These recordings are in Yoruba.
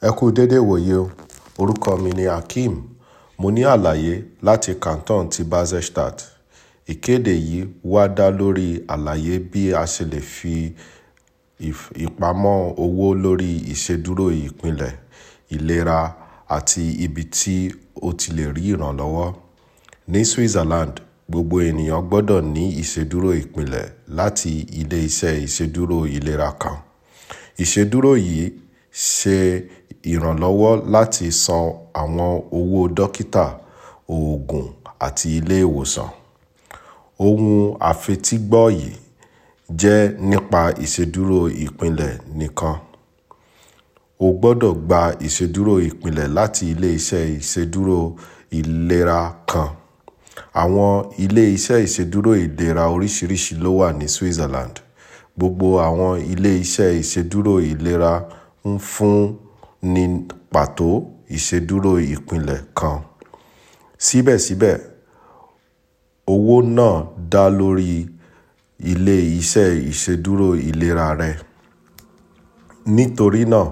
ẹ kú dédé wòye o orúkọ mi ni Hakeem mo ní àlàyé láti canton ti Baselstat ìkéde yìí wá dá lórí àlàyé bí a ṣe lè fi ìpamọ́ owó lórí ìṣèdúró ìpìlẹ̀ ìlera àti ibi tí o ti lè rí ìrànlọ́wọ́ ní Switzerland gbogbo ènìyàn gbọ́dọ̀ ní ìṣèdúró ìpìlẹ̀ láti ilé-iṣẹ́ ìṣèdúró ìlera kan ìṣèdúró yìí ṣe ìrànlọ́wọ́ láti san àwọn owó dókítà oògùn àti ilé ìwòsàn. Ohun àfetígbọ́ yìí jẹ́ nípa ìṣèdúró ìpìlẹ̀ nìkan. O gbọ́dọ̀ gba ìṣèdúró ìpìlẹ̀ láti ilé-iṣẹ́ ìṣèdúró ìlera kan. Àwọn ilé-iṣẹ́ ìṣèdúró ìlera oríṣiríṣi ló wà ní Switzerland. Gbogbo àwọn ilé-iṣẹ́ ìṣèdúró ìlera ń fún ní pàtó ìṣèdúró ìpìlẹ̀ kan. síbẹ̀síbẹ̀ owó náà dá lórí ilé-iṣẹ́ ìṣèdúró ìlera rẹ. nítorí náà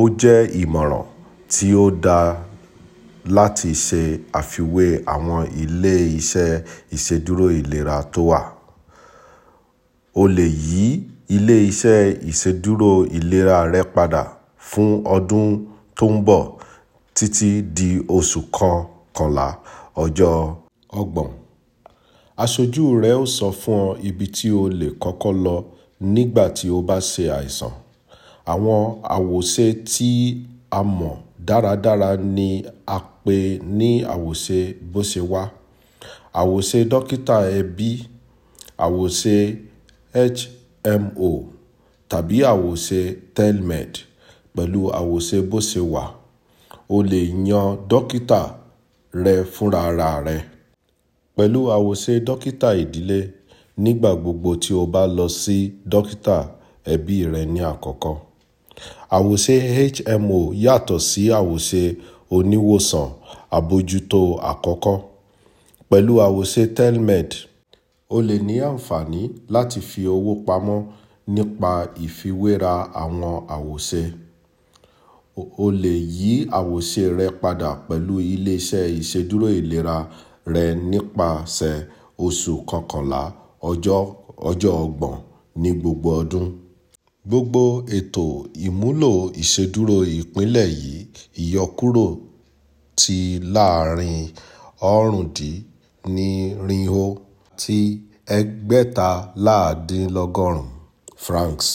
ó jẹ́ ìmọ̀ràn tí ó dáa láti ṣe àfiwé àwọn ilé-iṣẹ́ ìṣèdúró ìlera tó wà. o lè yí ilé-iṣẹ́ ìṣèdúró ìlera rẹ padà fún ọdún tó ń bọ̀ títí di oṣù kọkànlá ọjọ́ ọgbọ̀n. aṣojú rẹ ó sọ fún ọ ibi tí o lè kọ́kọ́ lọ nígbà tí o bá ṣe àìsàn. àwọn àwòṣe tí a mọ̀ dáradára ni a pè ní àwòṣe bóṣewà àwòṣe dókítà ẹbí àwòṣe mo tàbí àwòṣe telmed pẹ̀lú àwòṣe bó ṣe wà o lè yan dókítà rẹ fúnra rẹ pẹ̀lú àwòṣe dókítà ìdílé nígbà gbogbo tí o bá lọ sí dókítà ẹbí rẹ ní àkọ́kọ́ àwòṣe hmo yàtọ̀ sí àwòṣe oníwòsàn àbójútó àkọ́kọ́ pẹ̀lú àwòṣe telmed o lè ní àǹfààní láti fi owó pamọ́ nípa ìfiwéra àwọn àwòṣe. O lè yí àwòṣe rẹ padà pẹ̀lú ilé-iṣẹ́ ìṣèdúró ìlera rẹ nípasẹ̀ oṣù kọkànlá ọjọ́ ọgbọ̀n ní gbogbo ọdún. Gbogbo ètò ìmúlò ìṣèdúró ìpìlẹ̀ yìí ìyọkúrò ti láàárín ọ̀rúndínnírinwó àti ẹgbẹ̀taláàdínlọ́gọ́rùn francs.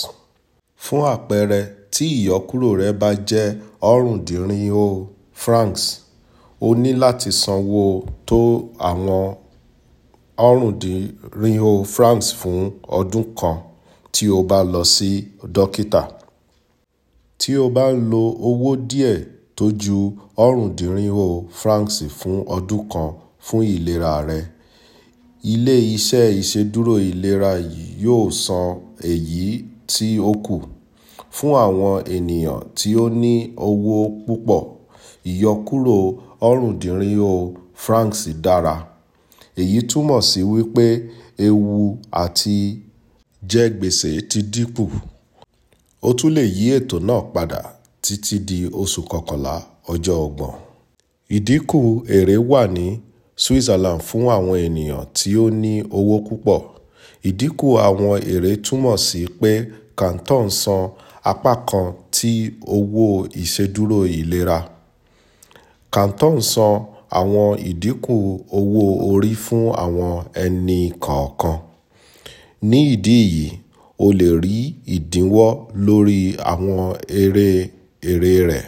fún àpẹẹrẹ tí ìyọkúrò rẹ̀ bá jẹ́ ọ̀rúndínrín-ó francs o ní láti sanwó tó àwọn ọ̀rúndínrín-ó francs fún ọdún kan tí o bá lọ sí dókítà. tí o bá ń lo owó díẹ̀ tó ju ọ̀rúndínrín francs fún ọdún kan fún ìlera rẹ ilé-iṣẹ́ ìṣèdúró ìlera yóò san èyí tí ó kù fún àwọn ènìyàn tí ó ní owó púpọ̀ ìyọkúrò ọ̀rúndínrín-ó francs dára èyí túmọ̀ sí wípé ewu àti jẹ gbèsè ti dínkù o tún lè yí ètò náà padà títí di oṣù kọkànlá ọjọ́ ọgbọ̀n ìdínkù èrè wà ní Switzerland fún àwọn ènìyàn tí ó ní owó púpọ̀. Ìdínkù àwọn èrè túmọ̀ sí pé Canton san apá kan ti owó ìṣèdúró ìlera. Canton san àwọn ìdínkù owó orí fún àwọn ẹni kọ̀ọ̀kan. Ní ìdí èyí, o lè rí ìdínwó lórí àwọn èrè èrè rẹ.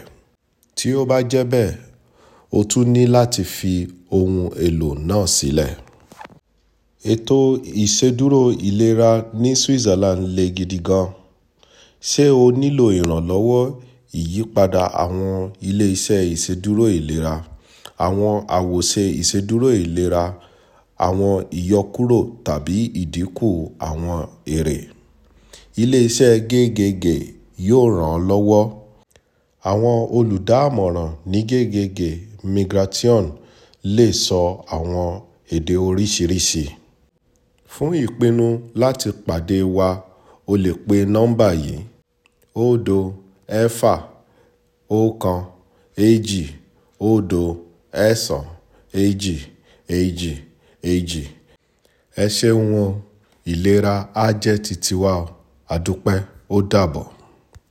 Tí ó bá jẹ́ bẹ́ẹ̀ o tún ní láti fi ohun èlò náà sílẹ̀. ètò ìṣèdúró ìlera ní switzerland le gidi gan-an ṣé o nílò ìrànlọ́wọ́ ìyípadà àwọn ilé-iṣẹ́ ìṣèdúró ìlera àwọn àwòṣe ìṣèdúró ìlera àwọn ìyọkúrò tàbí ìdínkù àwọn èrè. ilé-iṣẹ́ gegege yóò ràn ọ́ lọ́wọ́ Àwọn olùdámọ̀ràn ní gegege Migration lè sọ àwọn èdè oríṣiríṣi. Fún ìpinnu láti pàdé wa o lè pe nọ́mbà yìí: ódo ẹ̀fà ọ̀kan èjì òdo ẹ̀sán èjì èjì èjì. Ẹ ṣeun o, ìlera á jẹ́ titi o. Àdúpẹ́ ó dàbọ̀.